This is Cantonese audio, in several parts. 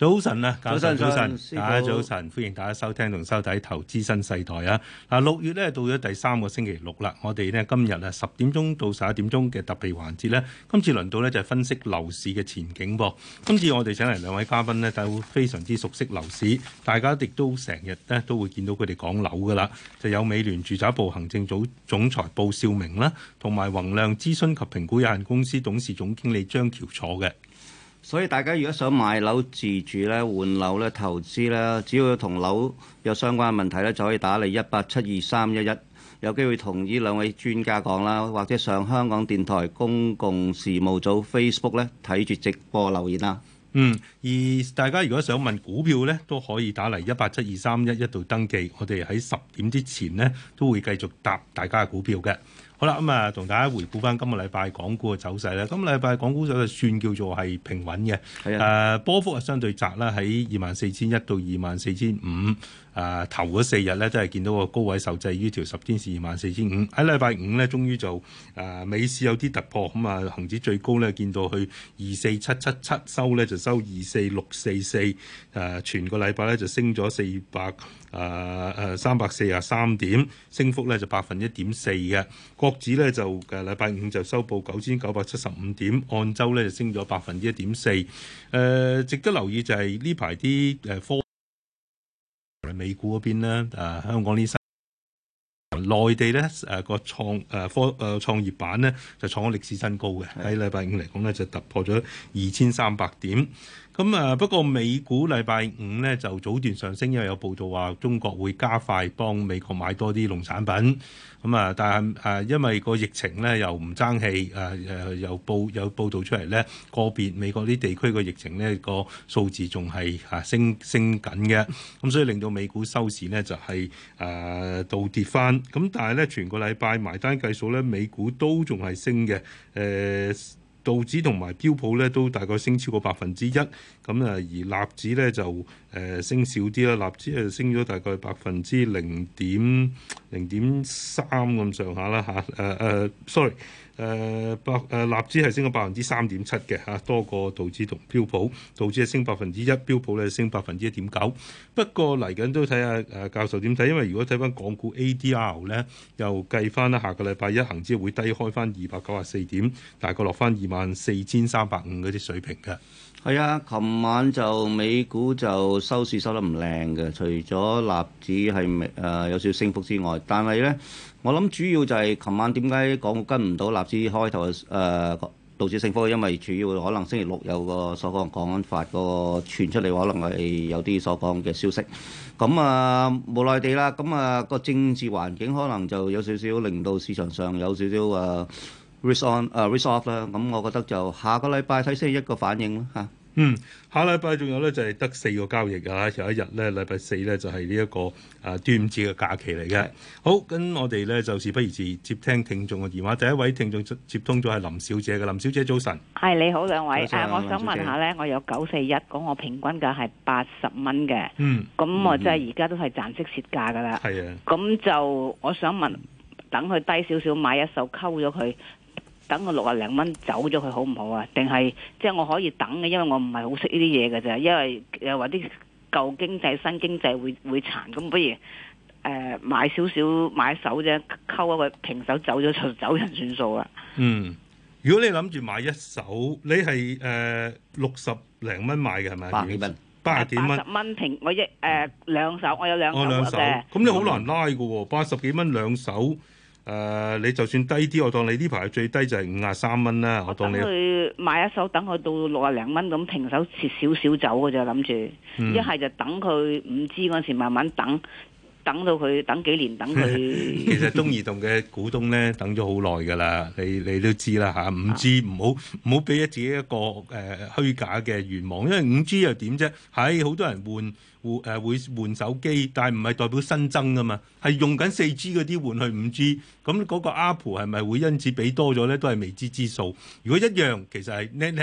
早晨啊，早晨，早晨，大家早晨，歡迎大家收聽同收睇投資新世代。啊！嗱，六月咧到咗第三個星期六啦，我哋呢，今日啊十點鐘到十一點鐘嘅特別環節呢，今次輪到呢，就分析樓市嘅前景噃。今次我哋請嚟兩位嘉賓咧，都非常之熟悉樓市，大家亦都成日呢都會見到佢哋講樓噶啦，就有美聯住宅部行政總總裁布少明啦，同埋宏亮諮詢及評估有限公司董事總經理張喬楚嘅。所以大家如果想買樓自住咧、換樓咧、投資咧，只要同樓有相關嘅問題咧，就可以打嚟一八七二三一一，有機會同呢兩位專家講啦，或者上香港電台公共事務組 Facebook 咧睇住直播留言啦。嗯。而大家如果想問股票咧，都可以打嚟一八七二三一一度登記，我哋喺十點之前呢，都會繼續答大家嘅股票嘅。好啦，咁、嗯、啊，同大家回顧翻今個禮拜港股嘅走勢咧。今個禮拜港股走勢算叫做係平穩嘅，誒的、啊、波幅啊相對窄啦，喺二萬四千一到二萬四千五。誒頭嗰四日咧，都係見到個高位受制於條十天線二萬四千五。喺禮拜五咧，終於就誒尾、啊、市有啲突破，咁啊恒指最高咧見到去二四七七七，收咧就收二四六四四。誒全個禮拜咧就升咗四百。誒誒三百四啊三點，升幅咧就百分一點四嘅，國指咧就誒禮拜五就收報九千九百七十五點，按周咧就升咗百分之一點四。誒、呃，值得留意就係呢排啲誒科美股嗰邊啦、啊，香港呢三，內地咧誒個創誒科誒創業板咧就創咗歷史新高嘅，喺禮拜五嚟講咧就突破咗二千三百點。咁啊、嗯，不過美股禮拜五咧就早段上升，因為有報道話中國會加快幫美國買多啲農產品。咁、嗯、啊，但係啊、呃，因為個疫情咧又唔爭氣，啊、呃、誒又報有報道出嚟咧，個別美國啲地區個疫情咧個數字仲係啊升升緊嘅。咁、嗯、所以令到美股收市咧就係誒倒跌翻。咁但係咧，全個禮拜埋單計數咧，美股都仲係升嘅。誒、呃。道指同埋標普咧都大概升超過百分之一，咁啊而納指咧就誒、呃、升少啲啦，納指誒升咗大概百分之零點零點三咁上下啦吓，誒誒，sorry。誒百誒納指係升咗百分之三點七嘅嚇，多過道指同標普，道指係升百分之一，標普咧升百分之一點九。不過嚟緊都睇下誒教授點睇，因為如果睇翻港股 ADR 咧，又計翻啦，下個禮拜一恆指會低開翻二百九十四點，大概落翻二萬四千三百五嗰啲水平嘅。係啊，琴晚就美股就收市收得唔靚嘅，除咗納指係誒有少少升幅之外，但係咧，我諗主要就係琴晚點解港股跟唔到納指開頭誒導致升幅？因為主要可能星期六有個所講《港安法》個傳出嚟，可能係有啲所講嘅消息。咁啊無奈地啦，咁啊個政治環境可能就有少少令到市場上有少少誒 risk on、uh, risk off 啦，咁我覺得就下個禮拜睇先一個反應啦嚇。嗯，下禮拜仲有咧就係、是、得四個交易啊，有一日咧禮拜四咧就係呢一個啊端午節嘅假期嚟嘅。好，咁我哋咧就事、是、不宜遲，接聽聽眾嘅電話。第一位聽眾接，接通咗係林小姐嘅，林小姐早晨。係你好，兩位。誒晨、啊，我想問下咧，我有九四一，講我平均價係八十蚊嘅。嗯。咁啊，即係而家都係暫時蝕價噶啦。係啊。咁就我想問，嗯、等佢低少少買一手溝咗佢。等我六啊零蚊走咗佢好唔好啊？定係即係我可以等嘅，因為我唔係好識呢啲嘢嘅咋。因為又話啲舊經濟、新經濟會會殘，咁不如誒、呃、買少少買手啫，溝一個平手走咗就走人算數啦。嗯，如果你諗住買一手，你係誒六十零蚊買嘅係咪？八幾蚊？八啊幾蚊？十蚊元平我一誒、呃、兩手，我有兩手。咁你好難拉㗎喎，八十幾蚊兩手。嗯。誒，uh, 你就算低啲，我當你呢排最低就係五十三蚊啦。我，當你我等佢買一手，等佢到六廿零蚊咁平手切小小，切少少走嘅就諗住，一係、嗯、就等佢五 G 嗰陣時慢慢等，等到佢等幾年等佢。 其實中移動嘅股東咧等咗好耐㗎啦，你你都知啦嚇。五 G 唔好唔好俾自己一個誒、呃、虛假嘅願望，因為五 G 又點啫？喺、哎、好多人換。會誒會換手機，但係唔係代表新增㗎嘛？係用緊四 G 嗰啲換去五 G，咁嗰個 Apple 係咪會因此俾多咗咧？都係未知之數。如果一樣，其實係你你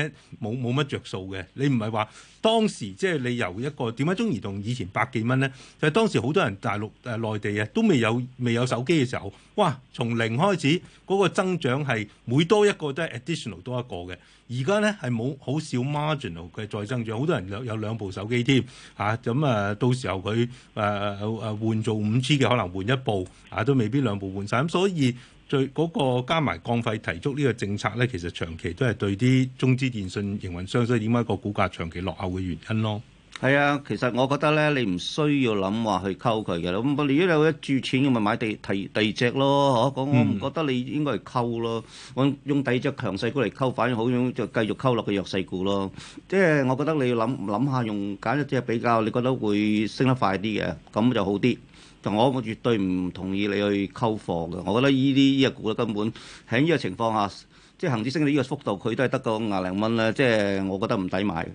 冇冇乜着數嘅。你唔係話當時即係、就是、你由一個點解中移動以前百幾蚊咧？就係、是、當時好多人大陸誒內地啊，都未有未有手機嘅時候。哇！從零開始，嗰、那個增長係每多一個都係 additional 多一個嘅。而家咧係冇好少 marginal 嘅再增長，好多人有有兩部手機添嚇。咁啊，啊，到時候佢誒誒換做五 G 嘅，可能換一部啊，都未必兩部換晒。咁所以最嗰、那個加埋降費提速呢個政策咧，其實長期都係對啲中資電信營運商，所以點解個股價長期落後嘅原因咯？係啊，其實我覺得咧，你唔需要諗話去溝佢嘅。咁我如果你有一注錢，咁咪買地第第二隻咯，嗬、啊？咁我唔覺得你應該係溝咯。嗯、我用第二隻強勢股嚟溝，反而好，就繼續溝落個弱勢股咯。即、就、係、是、我覺得你要諗諗下，用揀一隻比較，你覺得會升得快啲嘅，咁就好啲。但係我絕對唔同意你去溝貨嘅。我覺得呢啲呢個股咧根本喺呢個情況下，即係恒指升到呢個幅度，佢都係得個廿零蚊啦。即、就、係、是、我覺得唔抵買。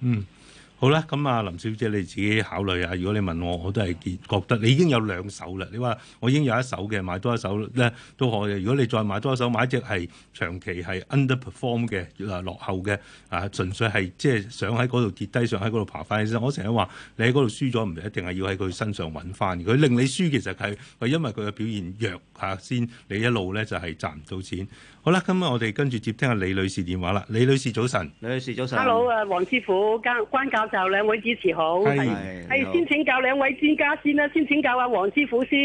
嗯。好啦，咁啊，林小姐你自己考慮啊。如果你問我，我都係見覺得你已經有兩手啦。你話我已經有一手嘅，買多一手咧，都可以。如果你再買多一手，買一隻係長期係 underperform 嘅，落後嘅啊，純粹係即係想喺嗰度跌低，想喺嗰度爬翻。其實我成日話你喺嗰度輸咗，唔一定係要喺佢身上揾翻。佢令你輸其實係係因為佢嘅表現弱嚇、啊、先，你一路咧就係、是、賺唔到錢。好啦，今日我哋跟住接聽下李女士電話啦。李女士早晨，李女士早晨。Hello，誒，黃師傅、關關教授兩位主持好，係是，係。先請教兩位專家先啦、啊，先請教下黃師傅先。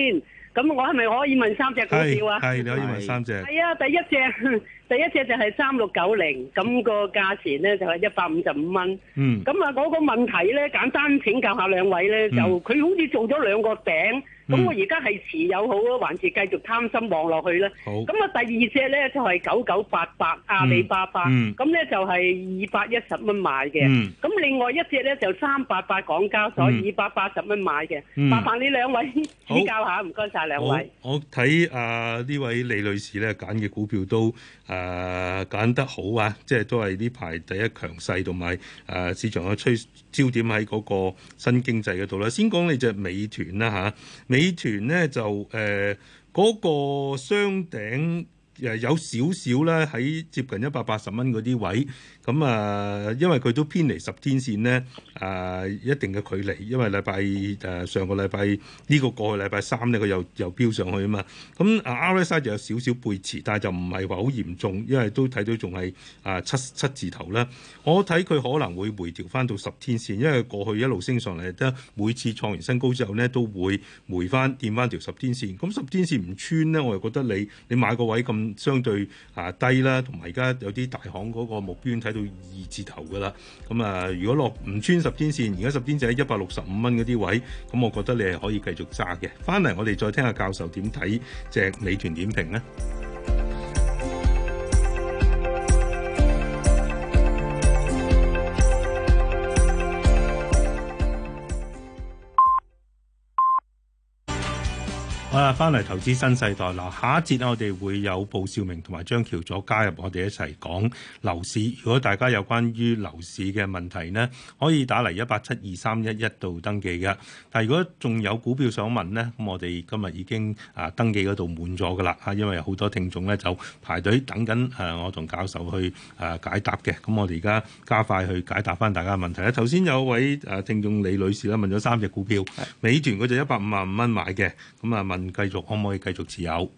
咁我係咪可以問三隻股票啊？係，你可以問三隻。係啊，第一隻。 第一隻就係三六九零，咁個價錢咧就係一百五十五蚊。嗯。咁啊，嗰個問題咧，簡單請教下兩位咧，就佢好似做咗兩個頂，咁我而家係持有好咯，還是繼續貪心望落去咧？好。咁啊，第二隻咧就係九九八八、阿里巴巴，咁咧就係二百一十蚊買嘅。嗯。咁另外一隻咧就三八八港交所二百八十蚊買嘅。嗯。麻煩，呢兩位指教下，唔該曬兩位。我睇啊呢位李女士咧揀嘅股票都，誒揀、啊、得好啊！即係都係呢排第一強勢，同埋誒市場嘅趨焦點喺嗰個新經濟嗰度啦。先講你隻美團啦、啊、嚇，美團咧就誒嗰、呃那個雙頂有少少啦，喺接近一百八十蚊嗰啲位。咁啊、嗯，因為佢都偏離十天線咧，誒、呃、一定嘅距離，因為禮拜誒上個禮拜呢個過去禮拜三咧，佢又又飆上去啊嘛。咁、嗯、啊，RSI 就有少少背馳，但係就唔係話好嚴重，因為都睇到仲係啊七七字頭啦。我睇佢可能會回調翻到十天線，因為過去一路升上嚟，得每次創完新高之後咧，都會回翻跌翻條十天線，咁、嗯、十天線唔穿咧，我又覺得你你買個位咁相對啊低啦，同埋而家有啲大行嗰個目標睇，到二字頭噶啦，咁啊，如果落唔穿十天線，而家十天就喺一百六十五蚊嗰啲位，咁我覺得你係可以繼續揸嘅。翻嚟我哋再聽下教授點睇隻美團點評咧。啊！翻嚟投資新世代啦，下一節咧我哋會有報少明同埋張喬佐加入我哋一齊講樓市。如果大家有關於樓市嘅問題呢，可以打嚟一八七二三一一度登記嘅。但係如果仲有股票想問呢，咁我哋今日已經啊登記嗰度滿咗噶啦，啊因為有好多聽眾咧就排隊等緊啊我同教授去啊解答嘅。咁我哋而家加快去解答翻大家嘅問題啦。頭先有位啊聽眾李女士咧問咗三隻股票，是美團佢就一百五十五蚊買嘅，咁啊問。繼續，可唔可以繼續持有？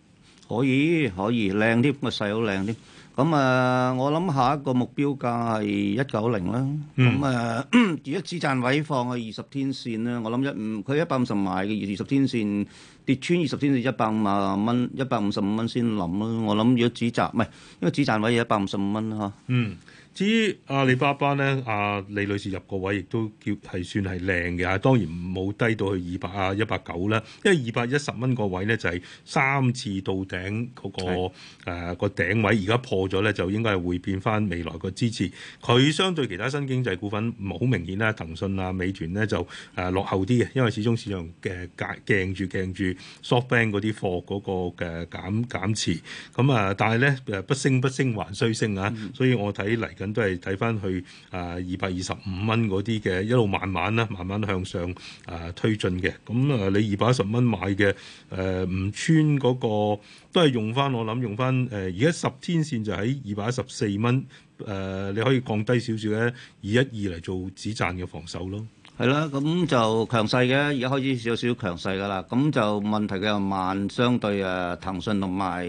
可以可以靚啲，咁啊細佬靚啲。咁啊、嗯，我諗下一個目標價係一九零啦。咁啊、嗯嗯，如果止賺位放去二十天線咧，我諗一五，佢一百五十買嘅二十天線跌穿二十天線一百五啊蚊，一百五十五蚊先諗咯。我諗如果止賺唔係，因為止賺位有一百五十五蚊吓。嗯。至於阿里巴巴咧，阿、啊、李女士入個位亦都叫係算係靚嘅，當然冇低到去二百啊一百九啦。因為二百一十蚊個位咧就係、是、三次到頂嗰、那個誒個是、呃、頂位，而家破咗咧就應該係會變返未來個支持。佢相對其他新經濟股份唔好明顯啦，騰訊啊、美團咧就誒、呃、落後啲嘅，因為始終市場嘅、呃、鏡住鏡住 SoftBank 嗰啲貨嗰個嘅減減持。咁啊、呃，但係咧誒不升不升還須升啊，所以我睇嚟緊。嗯、都係睇翻去啊，二百二十五蚊嗰啲嘅一路慢慢啦，慢慢向上啊、呃、推進嘅。咁、嗯、啊，你二百一十蚊買嘅誒，唔、呃、穿嗰、嗰個都係用翻，我諗用翻誒。而家十天線就喺二百一十四蚊誒，你可以降低少少嘅，二一二嚟做止賺嘅防守咯。係啦，咁就強勢嘅，而家開始少少強勢噶啦。咁就問題嘅又慢，相對啊騰訊同埋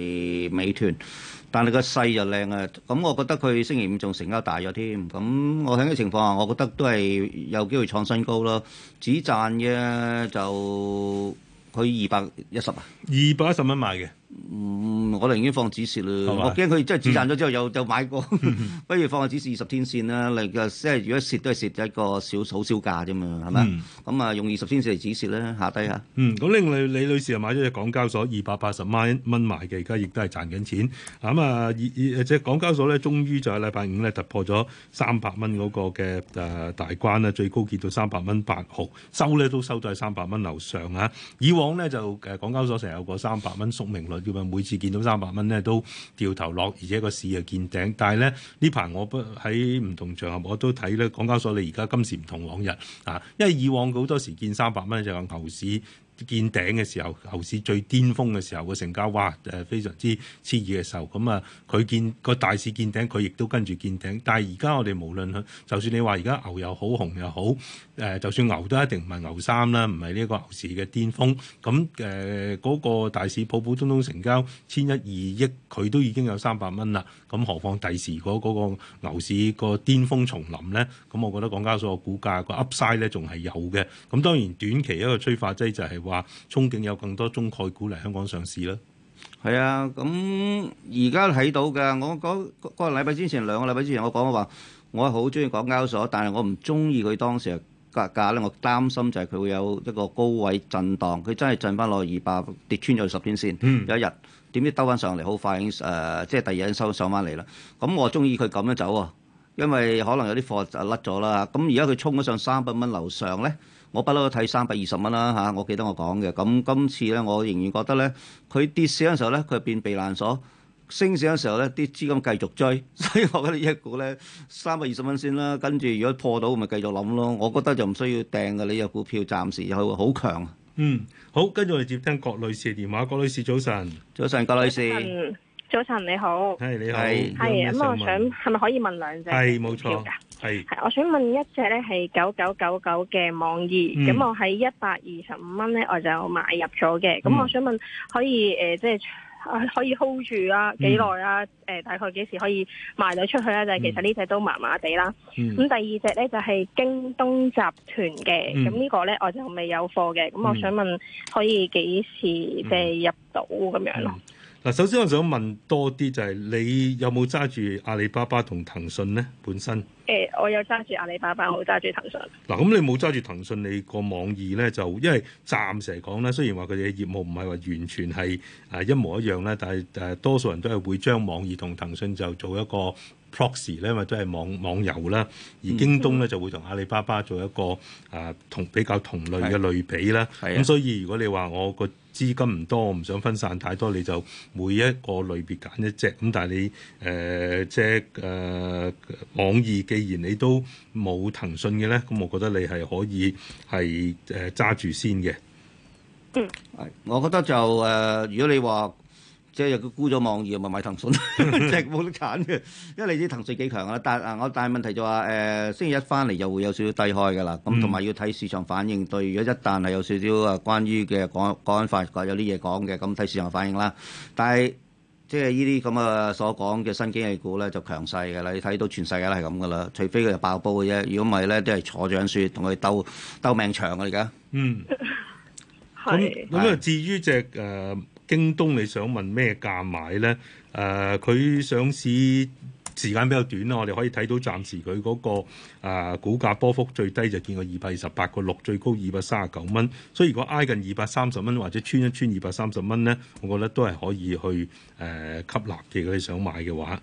美團。但係個勢就靚啊！咁、嗯、我覺得佢星期五仲成交大咗添，咁、嗯、我喺呢情況下，我覺得都係有機會創新高咯。只賺嘅就佢二百一十啊，二百一十蚊買嘅。嗯，我哋已經放止蝕咯，吧我驚佢即係止賺咗之後又、嗯、就買過， 不如放個止蝕二十天線啦。嚟嘅即係如果蝕都係蝕一個小好少價啫嘛，係咪？咁啊用二十天線嚟止蝕咧，下低下。嗯，咁另外李女士又買咗隻港交所二百八十蚊蚊買嘅，而家亦都係賺緊錢。咁啊，隻港交所咧，終於就係禮拜五咧突破咗三百蚊嗰個嘅誒大關啦，最高見到三百蚊八毫，收咧都收咗喺三百蚊樓上啊。以往咧就誒、啊、港交所成日有個三百蚊宿命叫話每次見到三百蚊咧，都掉頭落，而且個市又見頂。但係咧呢排我不喺唔同場合我都睇咧，港交所你而家今時唔同往日啊，因為以往好多時見三百蚊就係牛市。見頂嘅時候，牛市最巔峰嘅時候個成交，哇！誒、呃，非常之熾熱嘅時候，咁、嗯、啊，佢見個大市見頂，佢亦都跟住見頂。但係而家我哋無論，就算你話而家牛又好，熊又好，誒、呃，就算牛都一定唔係牛三啦，唔係呢個牛市嘅巔峰。咁、嗯、誒，嗰、呃那個大市普普通通成交千一二億，佢都已經有三百蚊啦。咁、嗯、何況第時嗰、那個那個牛市個巔峰重臨咧？咁、嗯、我覺得港交所個股價、那個 Upside 咧，仲係有嘅。咁當然短期一個催化劑就係、是。話憧憬有更多中概股嚟香港上市啦，係啊，咁而家睇到嘅，我講，那個禮拜之前兩個禮拜之前我講話，我好中意港交所，但係我唔中意佢當時價價咧，我擔心就係佢會有一個高位震盪，佢真係震翻落二百，跌穿咗十天線。嗯、有一日點知兜翻上嚟，好快已經，呃、即係第二日收上翻嚟啦。咁、嗯、我中意佢咁樣走啊，因為可能有啲貨就甩咗啦嚇。咁而家佢衝咗上三百蚊樓上咧。我不嬲都睇三百二十蚊啦嚇，我記得我講嘅。咁今次咧，我仍然覺得咧，佢跌市嗰陣時候咧，佢變避難所；升市嗰陣時候咧，啲資金繼續追。所以我覺得呢一個咧，三百二十蚊先啦。跟住如果破到，咪繼續諗咯。我覺得就唔需要掟嘅。呢隻股票暫時又好強。嗯，好，跟住我哋接聽郭女士電話。郭女士早晨。早晨，郭女士。早晨你好，係你好，係，咁我想係咪可以問兩隻係冇錯噶？係係，我想問一隻咧係九九九九嘅網易，咁我喺一百二十五蚊咧我就買入咗嘅。咁我想問可以誒，即係可以 hold 住啊？幾耐啊？誒，大概幾時可以賣到出去啊？就係其實呢隻都麻麻地啦。咁第二隻咧就係京東集團嘅，咁呢個咧我就未有貨嘅。咁我想問可以幾時即係入到咁樣咯？嗱，首先我想問多啲就係你有冇揸住阿里巴巴同騰訊咧？本身誒、欸，我有揸住阿里巴巴，我揸住騰訊。嗱，咁你冇揸住騰訊，你個網易咧就因為暫時嚟講咧，雖然話佢哋嘅業務唔係話完全係啊一模一樣咧，但係誒多數人都係會將網易同騰訊就做一個 proxy 咧，因為都係網網遊啦。而京東咧就會同阿里巴巴做一個啊同、呃、比較同類嘅類比啦。咁所以如果你話我個資金唔多，我唔想分散太多，你就每一個類別揀一隻。咁但係你誒、呃、即係誒、呃、網易，既然你都冇騰訊嘅咧，咁我覺得你係可以係誒揸住先嘅。嗯，係，我覺得就誒、呃，如果你話。即係佢沽咗網易咪買騰訊，即係冇得揀嘅。因為你知騰訊幾強啦，但係我但係問題就話、是、誒、呃，星期一翻嚟就會有少少低開嘅啦。咁同埋要睇市場反應。對，如果一旦係有少少啊，關於嘅港安法有啲嘢講嘅，咁睇市場反應啦。但係即係呢啲咁嘅所講嘅新經濟股咧，就強勢嘅啦。你睇到全世界都係咁嘅啦，除非佢就爆煲嘅啫。如果唔係咧，都係坐著樣同佢鬥鬥命長嘅而家。嗯，咁咁啊，是至於只誒。呃京東你想問咩價買咧？誒、呃，佢上市時間比較短啦，我哋可以睇到暫時佢嗰、嗰個、呃、股價波幅最低就見過二百二十八個六，最高二百三十九蚊。所以如果挨近二百三十蚊或者穿一穿二百三十蚊咧，我覺得都係可以去誒、呃、吸納嘅。如果你想買嘅話。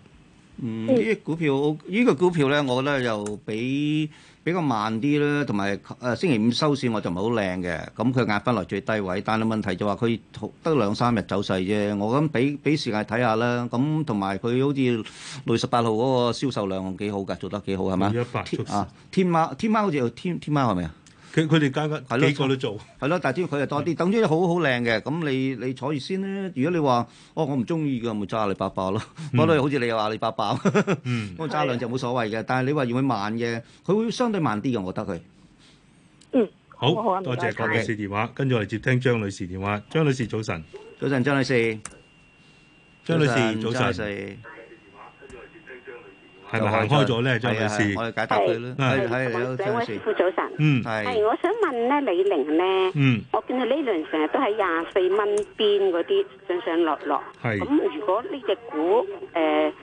嗯，呢啲、嗯、股票，呢個股票咧，我覺得又比比較慢啲啦。同埋誒星期五收市我就唔係好靚嘅，咁佢壓翻落最低位。但係問題就話佢得兩三日走勢啫，我咁俾俾時間睇下啦。咁同埋佢好似六月十八號嗰個銷售量幾好㗎，做得幾好係嘛、啊？天貓天貓好似天天貓係咪啊？佢佢哋間間，幾個都做。係咯，但係只要佢又多啲，等於好好靚嘅。咁你你坐住先啦。如果你話，哦，我唔中意嘅，咪揸阿里巴巴咯。我都好似你話阿里巴巴，我揸兩隻冇所謂嘅。但係你話要佢慢嘅，佢會相對慢啲嘅，我覺得佢。嗯，好，多謝郭女士電話。跟住我哋接聽張女士電話。張女士早晨。早晨，張女士。張女士早晨。係咪行開咗咧？就係事，我哋解答佢啦。係係有兩位師傅早晨，嗯，係，我想問咧，李寧咧，嗯，我見到呢輪成日都喺廿四蚊邊嗰啲上上落落，係咁。如果呢隻股，誒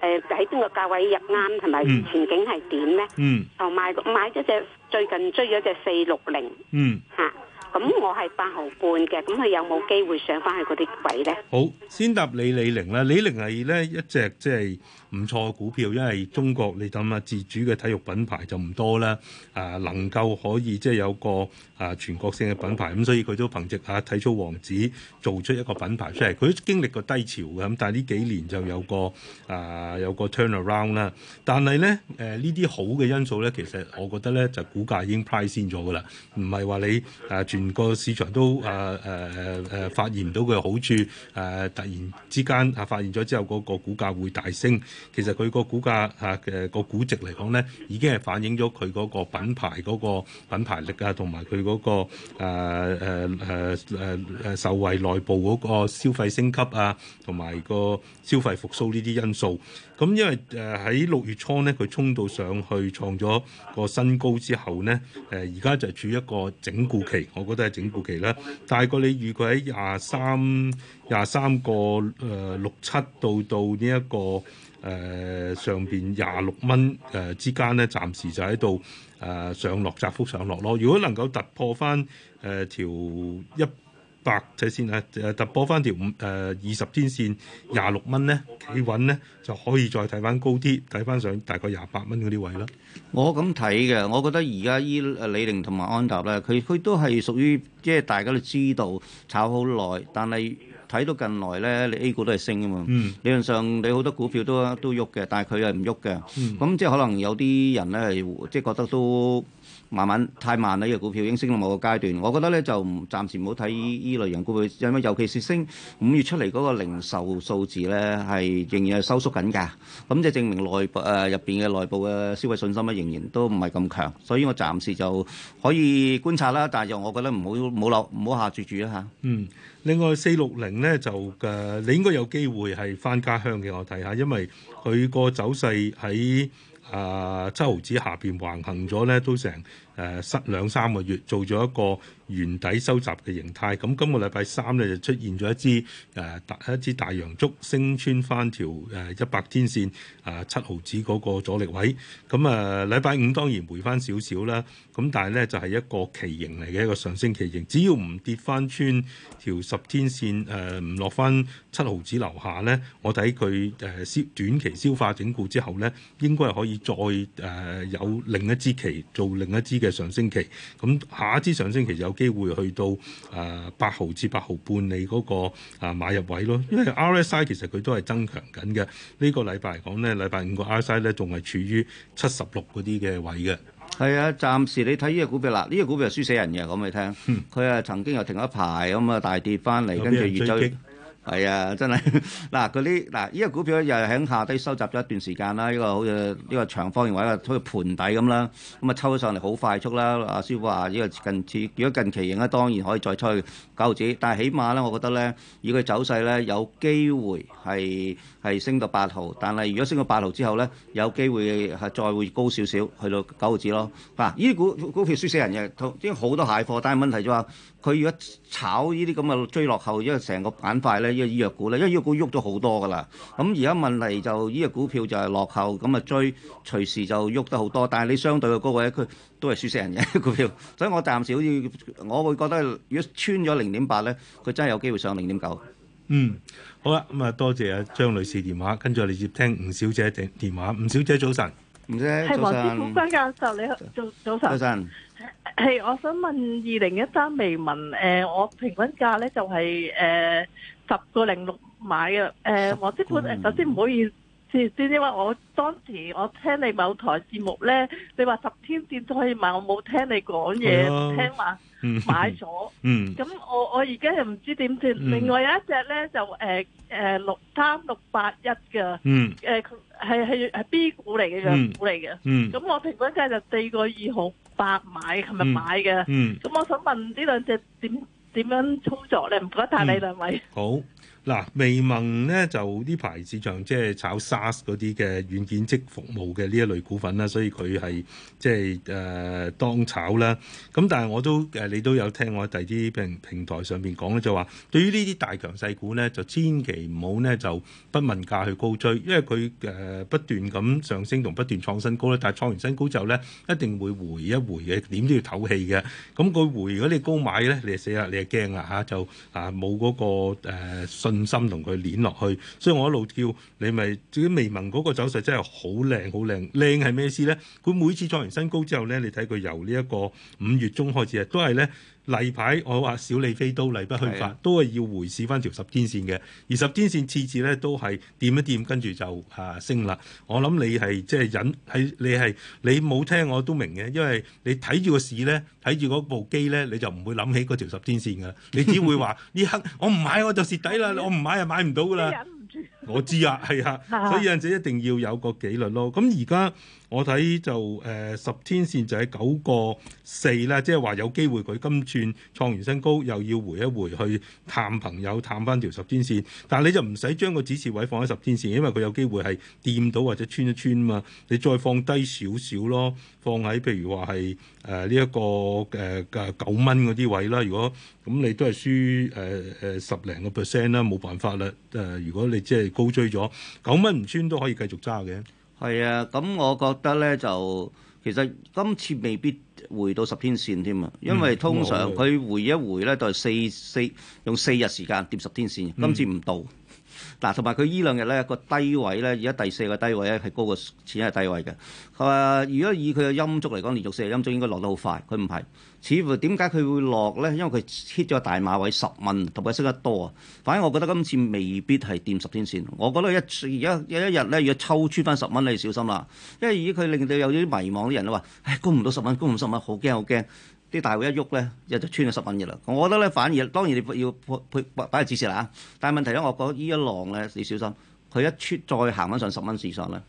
誒，喺邊個價位入啱？同埋前景係點咧？嗯，同埋買咗隻最近追咗隻四六零，嗯，嚇。咁我係八毫半嘅，咁佢有冇機會上翻去嗰啲位咧？好，先答李李寧啦，李寧係咧一隻即係唔錯嘅股票，因為中國你諗下自主嘅體育品牌就唔多啦，啊、呃、能夠可以即係有個。啊，全國性嘅品牌咁，所以佢都憑藉啊體操王子做出一個品牌出嚟。佢經歷過低潮嘅，咁但係呢幾年就有個啊有個 turnaround 啦。但係咧，誒呢啲好嘅因素咧，其實我覺得咧就是、股價已經 price in 咗㗎啦，唔係話你啊，全個市場都啊誒誒、啊啊、發現唔到佢嘅好處誒、啊，突然之間啊發現咗之後嗰、那個股價會大升。其實佢個股價啊嘅、那個估值嚟講咧，已經係反映咗佢嗰個品牌嗰、那個品牌力啊，同埋佢。嗰、嗰個誒誒誒誒受惠內部嗰個消費升級啊，同埋個消費復甦呢啲因素，咁因為誒喺六月初咧，佢衝到上去創咗個新高之後咧，誒而家就處於一個整固期，我覺得係整固期啦。大概你預佢喺廿三廿三個誒六七，到到呢一個誒、呃、上邊廿六蚊誒之間咧，暫時就喺度。誒、啊、上落窄幅上落咯，如果能夠突破翻誒、呃、條一百日線啊，誒突破翻條五誒二十天線廿六蚊咧企穩咧，就可以再睇翻高啲，睇翻上大概廿八蚊嗰啲位啦。我咁睇嘅，我覺得而家依誒李寧同埋安踏咧，佢佢都係屬於即係、就是、大家都知道炒好耐，但係。睇到近來咧，你 A 股都係升啊嘛。理論上你好多股票都都喐嘅，但係佢係唔喐嘅。咁即係可能有啲人咧係即係覺得都慢慢太慢啦。依個股票已經升到某個階段。我覺得咧就唔暫時唔好睇依類型股票，因為尤其是升五月出嚟嗰個零售數字咧係仍然係收縮緊㗎。咁即係證明內部誒入邊嘅內部嘅消費信心咧仍然都唔係咁強。所以我暫時就可以觀察啦，但係就我覺得唔好冇留冇下注住啊嚇。嗯。另外四六零咧就誒、呃，你應該有機會係翻家鄉嘅，我睇下，因為佢個走勢喺啊七毫子下邊橫行咗咧，都成。誒失兩三個月，做咗一個圓底收集嘅形態。咁今個禮拜三咧就出現咗一支誒大一支大陽燭，升穿翻條誒一百天線啊七毫子嗰個阻力位。咁啊禮拜五當然回翻少少啦。咁但係咧就係一個旗形嚟嘅一個上升旗形。只要唔跌翻穿條十天線誒，唔落翻七毫子樓下咧，我睇佢誒短期消化整固之後咧，應該係可以再誒有另一支旗做另一支。嘅上升期，咁、嗯、下一支上升期有機會去到誒、呃、八毫至八毫半、那個，你嗰個誒買入位咯。因為 RSI 其實佢都係增強緊嘅，這個、呢個禮拜嚟講咧，禮拜五個 RSI 咧仲係處於七十六嗰啲嘅位嘅。係啊，暫時你睇呢個股票啦，呢、這、隻、個、股票係輸死人嘅，講俾你聽。佢係、嗯、曾經又停一排，咁啊大跌翻嚟，追跟住越走。係啊，真係嗱，嗰啲嗱，呢個股票又喺下低收集咗一段時間啦，呢個好似呢個長方形或者好似盤底咁啦，咁啊抽咗上嚟好快速啦。阿師傅話呢個近似，如果近期型咧，當然可以再出去九毫子，但係起碼咧，我覺得咧，以佢走勢咧，有機會係係升到八毫，但係如果升到八毫之後咧，有機會係再會高少少，去到九毫子咯。嗱，呢啲股股票輸死人嘅，已經好多蟹貨，但係問題就話。佢如果炒呢啲咁嘅追落後，因為成個板塊咧、這個，因為醫藥股咧，因為醫藥股喐咗好多噶啦。咁而家問題就呢個股票就係落後，咁啊追隨時就喐得好多。但係你相對嘅高位，佢都係輸死人嘅股票。所以我暫時好似，我會覺得如果穿咗零點八咧，佢真係有機會上零點九。嗯，好啦，咁啊，多謝阿張女士電話，跟住我哋接聽吳小姐電電話。吳小姐早晨，吳姐早晨。係黃之武副教授，你早晨。早晨。係，hey, 我想問二零一三微盟，誒、呃，我平均價咧就係誒十個零六買嘅，誒、呃，10. 我即係首先唔好意思，先先因為我當時我聽你某台節目咧，你話十天點都可以買，我冇聽你講嘢，oh. 聽話買咗，咁、 嗯、我我而家又唔知點算，嗯、另外有一隻咧就誒誒六三六八一嘅，誒、呃。呃 6, 系系係 B 股嚟嘅，港股嚟嘅。嗯，咁我平均價就四個二號八買，琴日買嘅。嗯，咁我想問呢兩隻點點樣操作咧？唔該，答你兩位。 好。嗱，微盟咧就呢排市場即係炒 SaaS 嗰啲嘅軟件即服務嘅呢一類股份啦，所以佢係即係誒當炒啦。咁但係我都誒你都有聽我第啲平平台上邊講咧，就話對於呢啲大強勢股咧，就千祈唔好呢就不問價去高追，因為佢誒、呃、不斷咁上升同不斷創新高咧。但係創完新高之後咧，一定會回一回嘅，點都要唞氣嘅。咁、那、佢、個、回如果你高買咧，你就死啦，你就驚啦嚇，就啊冇嗰、那個、呃、信。信心同佢捻落去，所以我一路叫你咪，至於未聞嗰個走勢真係好靚好靚，靚係咩意思咧？佢每次創完新高之後咧，你睇佢由呢一個五月中開始啊，都係咧。例牌我話小李飛刀例不虛發，的都係要回視翻條十天線嘅。而十天線次次咧都係掂一掂，跟住就啊升啦。我諗你係即係忍喺你係你冇聽我都明嘅，因為你睇住個市咧，睇住嗰部機咧，你就唔會諗起嗰條十天線㗎。你只會話呢 刻我唔買我就蝕底啦， 我唔買啊買唔到㗎啦。忍唔住。 我知啊，係啊，所以有陣時一定要有個紀律咯。咁而家。我睇就誒、呃、十天線就喺九個四啦，即係話有機會佢今次創完新高，又要回一回去探朋友探翻條十天線。但係你就唔使將個止蝕位放喺十天線，因為佢有機會係掂到或者穿一穿啊嘛。你再放低少少咯，放喺譬如話係誒呢一個誒誒、呃、九蚊嗰啲位啦。如果咁你都係輸誒誒、呃、十零個 percent 啦，冇辦法啦。誒、呃、如果你即係高追咗九蚊唔穿都可以繼續揸嘅。係啊，咁我覺得咧就其實今次未必回到十天線添啊，因為通常佢回一回咧就係四四用四日時間跌十天線，嗯、今次唔到。嗱，同埋佢依兩日咧個低位咧，而家第四個低位咧係高過前一低位嘅。佢話：如果以佢嘅陰燭嚟講，連續四日陰燭應該落得好快，佢唔係。似乎點解佢會落咧？因為佢 hit 咗大馬位十蚊，同埋升得多啊。反而我覺得今次未必係掂十天線。我覺得一而家有一日咧，如果抽出翻十蚊，你小心啦，因為而佢令到有啲迷茫啲人話：唉，攻唔到十蚊，攻唔十蚊，好驚，好驚。啲大戶一喐咧，一就穿咗十蚊嘅啦。我覺得咧，反而當然你要配配擺個指示啦嚇。但係問題咧，我覺得呢覺得一浪咧，你小心，佢一穿再行翻上十蚊時上咧，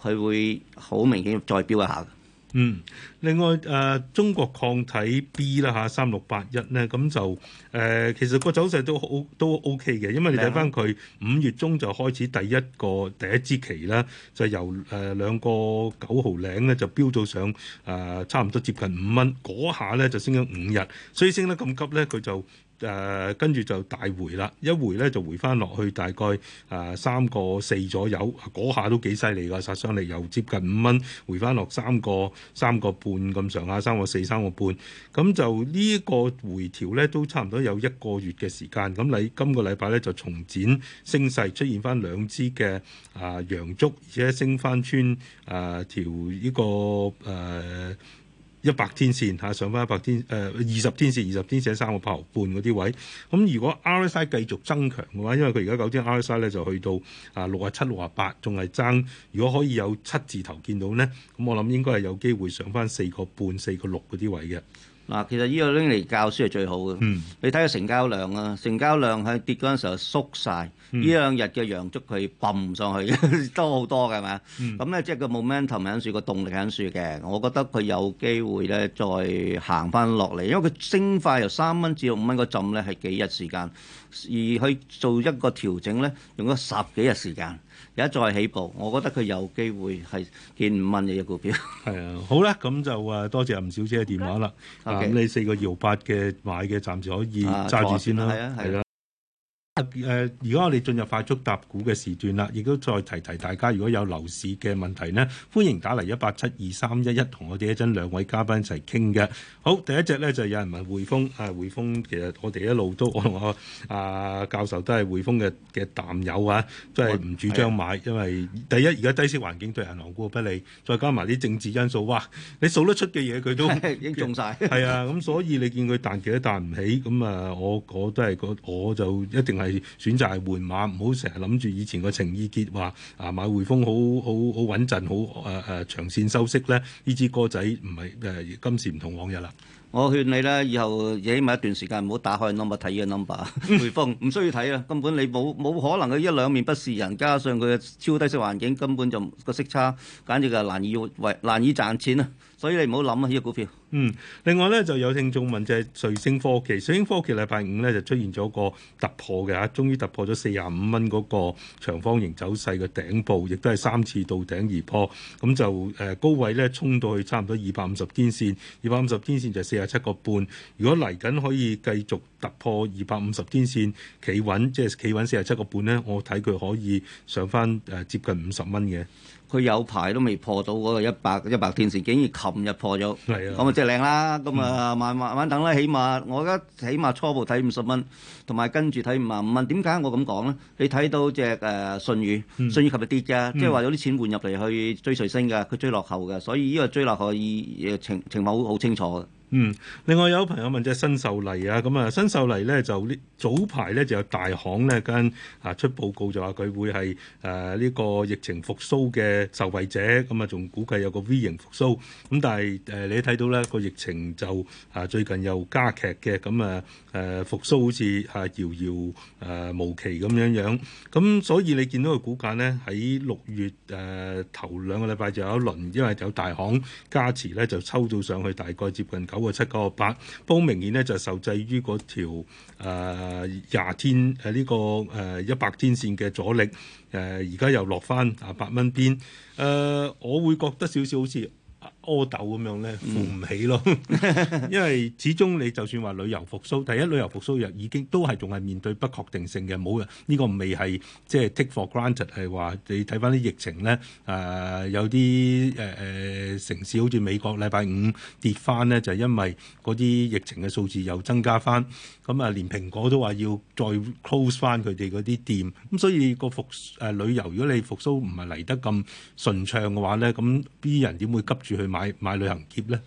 佢會好明顯再飆一下。嗯，另外誒、呃、中國抗體 B 啦嚇三六八一咧，咁就誒、呃、其實個走勢都好都 OK 嘅，因為你睇翻佢五月中就開始第一個第一支旗啦，就由誒、呃、兩個九毫領咧就飆到上誒、呃、差唔多接近五蚊，嗰下咧就升咗五日，所以升得咁急咧佢就。誒跟住就大回啦，一回咧就回翻落去大概誒三個四左右，嗰下都幾犀利㗎，殺上嚟又接近五蚊回翻落三個三個半咁上下，三個四三個半，咁就呢個回調咧都差唔多有一個月嘅時間。咁你今個禮拜咧就重展升勢，出現翻兩支嘅啊陽燭，而且升翻穿誒、呃、條呢、呢個誒。呃一百天線嚇上翻一百天，誒二十天線，二十天線三個八毫半嗰啲位，咁如果 RSI 繼續增強嘅話，因為佢而家九天 RSI 咧就去到啊六啊七六啊八，仲係爭，如果可以有七字頭見到咧，咁我諗應該係有機會上翻四個半四個六嗰啲位嘅。嗱，其實依個拎嚟教書係最好嘅。你睇下成交量啊，成交量喺跌嗰陣時候縮曬，依兩日嘅陽燭佢冚上去多好多嘅係咪啊？咁咧即係佢冇 momentum，因素，個動力因素嘅，我覺得佢有機會咧再行翻落嚟，因為佢升快由三蚊至到五蚊嗰陣咧係幾日時間，而去做一個調整咧用咗十幾日時間，而家再起步，我覺得佢有機會係見五蚊嘅一個股票。係啊，好啦，咁就啊多謝吳小姐嘅電話啦。咁你四個搖八嘅買嘅，暫時可以揸住先啦。係啊，係啦。誒、啊，如果我哋進入快速答股嘅時段啦，亦都再提提大家，如果有樓市嘅問題呢，歡迎打嚟一八七二三一一，同我哋一陣兩位嘉賓一齊傾嘅。好，第一隻呢就是，有人問匯豐，誒、啊，匯豐其實我哋一路都我同我阿、啊、教授都係匯豐嘅嘅淡友啊，都係唔主張買，因為第一而家低息環境對銀行股不利，再加埋啲政治因素，哇，你數得出嘅嘢佢都 已經中晒。係啊，咁、嗯、所以你見佢彈其都彈唔起，咁啊，我我，我都係個我，我，我就一定。係選擇係換馬，唔好成日諗住以前個情意結話啊，買匯豐好好好穩陣好誒誒長線收息咧，呢支歌仔唔係誒今時唔同往日啦。我勸你咧，以後起碼一段時間唔好打開 number 睇嘅 number，匯豐唔需要睇啦，根本你冇冇可能佢一兩面不是人，加上佢嘅超低息環境，根本就個息差簡直就難以為難以賺錢啊！所以你唔好諗啊！呢個股票。嗯，另外咧就有聽眾問就係瑞聲科技，瑞聲科技禮拜五咧就出現咗個突破嘅嚇，終於突破咗四廿五蚊嗰個長方形走勢嘅頂部，亦都係三次到頂而破。咁就誒高位咧衝到去差唔多二百五十天線，二百五十天線就係四廿七個半。如果嚟緊可以繼續突破二百五十天線企穩，即係企穩四廿七個半咧，我睇佢可以上翻誒接近五十蚊嘅。佢有排都未破到嗰個一百一百天線，竟然琴日破咗，咁啊即係靚啦！咁啊，慢慢等啦，嗯、起碼我而家起碼初步睇五十蚊，同埋跟住睇五啊五蚊。點解我咁講咧？你睇到隻誒、呃、信譽，信譽琴日跌嘅，即係話有啲錢換入嚟去追隨升嘅，佢追落後嘅，所以呢個追落後嘅情情況會好清楚。嗯，另外有朋友問，即係新秀麗啊，咁、嗯、啊新秀麗咧就早呢早排咧就有大行咧間啊出報告就話佢會係誒呢個疫情復蘇嘅受惠者，咁啊仲估計有個 V 型復蘇，咁、嗯、但係誒、呃、你睇到咧個疫情就啊最近又加劇嘅，咁、嗯、啊誒復蘇好似啊遙遙誒無期咁樣樣，咁、嗯、所以你見到個股價咧喺六月誒、啊、頭兩個禮拜就有一輪因為有大行加持咧就抽咗上去大概接近九。個七個八，不過明顯咧就受制於嗰條誒廿天誒呢個誒一百天線嘅阻力，誒而家又落翻啊八蚊邊，誒、呃、我會覺得少少好似。阿斗咁樣咧，扶唔起咯。因為始終你就算話旅遊復甦，第一旅遊復甦又已經都係仲係面對不確定性嘅，冇呢個未係即係 take for granted 係話你睇翻啲疫情咧，誒有啲誒誒城市好似美國禮拜五跌翻咧，就係因為嗰啲疫情嘅數字又增加翻，咁啊連蘋果都話要再 close 翻佢哋嗰啲店，咁所以個復誒旅遊如果你復甦唔係嚟得咁順暢嘅話咧，咁啲人點會急住去？買買旅行夾咧？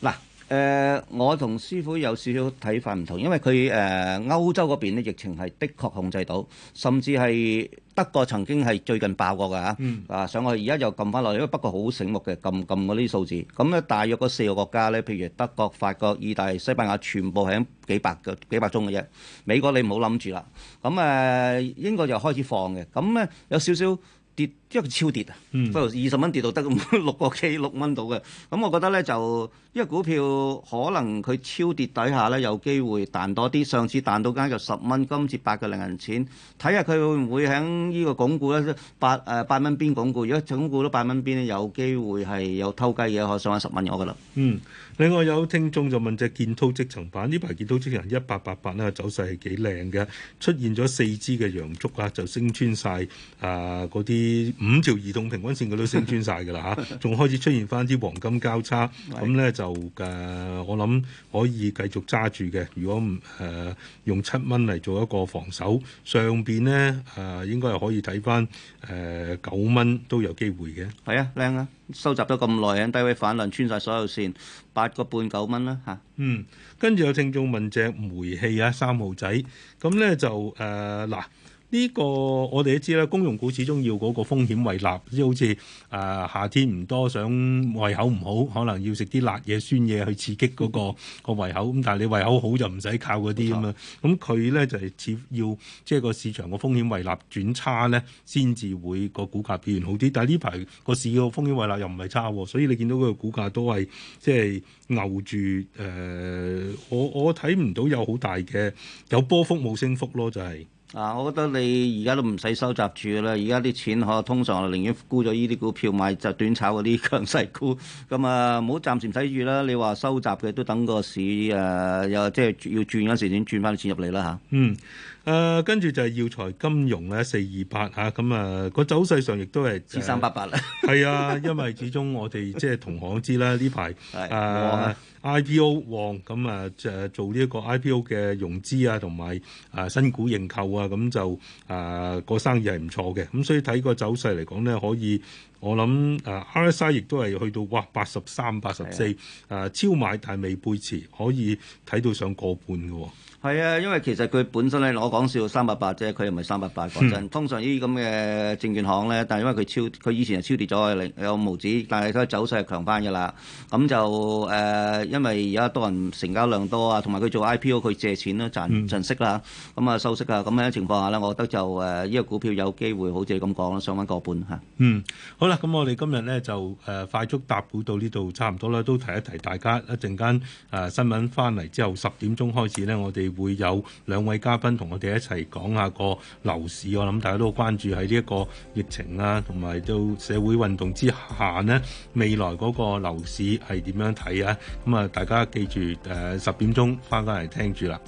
嗱，誒、呃，我同師傅有少少睇法唔同，因為佢誒、呃、歐洲嗰邊疫情係的確控制到，甚至係德國曾經係最近爆過嘅嚇，嗯、啊，上去而家又撳翻落嚟，因為不過好醒目嘅撳撳嗰啲數字，咁咧大約個四個國家咧，譬如德國、法國、意大利、西班牙全部係幾百個幾百宗嘅啫。美國你唔好諗住啦，咁誒、呃、英國就開始放嘅，咁咧有少少跌。因為超跌啊，不過二十蚊跌到得六個 K，六蚊到嘅，咁、嗯、我覺得咧就因為股票可能佢超跌底下咧有機會彈多啲，上次彈到間就十蚊，今次八個零銀錢，睇下佢會唔會喺呢個鞏固咧？八誒八蚊邊鞏固？如果整固到八蚊邊咧，有機會係有偷雞嘅，可以上翻十蚊我覺得。嗯，另外有聽眾就問隻建滔積層板呢排建滔積層一八八八咧走勢係幾靚嘅，出現咗四支嘅陽燭啊，就升穿晒啊嗰啲。五條移動平均線佢都升穿晒嘅啦嚇，仲 開始出現翻啲黃金交叉，咁咧 就誒、呃、我諗可以繼續揸住嘅。如果唔誒、呃、用七蚊嚟做一個防守，上邊咧誒應該係可以睇翻誒九蚊都有機會嘅。係啊，靚啊，收集咗咁耐喺低位反彈穿晒所有線，八個半九蚊啦嚇。啊、嗯，跟住有聽眾問隻煤氣啊三號仔，咁咧就誒嗱。呃呢、這個我哋都知啦，公用股始終要嗰個風險胃納，即、就、係、是、好似啊、呃、夏天唔多想胃口唔好，可能要食啲辣嘢、酸嘢去刺激嗰、那個嗯、個胃口。咁但係你胃口好就唔使靠嗰啲啊嘛。咁佢咧就係、是、似要即係、就是這個市場個風險胃納轉差咧，先至會、這個股價表現好啲。但係呢排個市個風險胃納又唔係差，所以你見到個股價都係即係牛住誒。我我睇唔到有好大嘅有波幅冇升幅咯、就是，就係、是。啊，我覺得你而家都唔使收集住啦，而家啲錢可、啊、通常啊，寧願沽咗依啲股票買就短炒嗰啲強勢股，咁啊，唔好暫時唔使住啦。你話收集嘅都等個市誒、啊，又即係要轉嗰時先轉翻啲錢入嚟啦嚇。嗯。誒跟住就係耀才金融咧，四二八嚇，咁啊個、啊、走勢上亦都係二三八八啦。係啊，因為始終我哋即係同行知啦，呢排誒 IPO 旺，咁啊誒做呢一個 IPO 嘅融資啊，同埋誒新股認購啊，咁就誒個生意係唔錯嘅。咁所以睇個走勢嚟講咧，可以我諗誒 RSI 亦都係去到哇八十三八十四誒超買，但係未背馳，可以睇到上個半嘅、哦。係啊，因為其實佢本身咧，我講笑三百八啫，佢又唔係三百八。講真，嗯，通常呢啲咁嘅證券行咧，但係因為佢超，佢以前係超跌咗，零有毫子，但係佢走勢係強翻噶啦。咁、嗯、就誒、呃，因為而家多人成交量多啊，同埋佢做 IPO，佢借錢咯，賺賺息啦。咁、嗯、啊、嗯嗯，收息啊，咁樣情況下咧，我覺得就誒，呢、呃這個股票有機會好似你咁講啦，上翻個半吓。嗯，嗯好啦，咁我哋今日咧就誒、呃、快速答股到呢度差唔多啦，都提一提大家。一陣間誒新聞翻嚟之後，十點鐘開始咧，我哋。我會有兩位嘉賓同我哋一齊講下個樓市，我諗大家都好關注喺呢一個疫情啊，同埋到社會運動之下呢，未來嗰個樓市係點樣睇啊？咁、嗯、啊，大家記住誒，十、呃、點鐘翻返嚟聽住啦。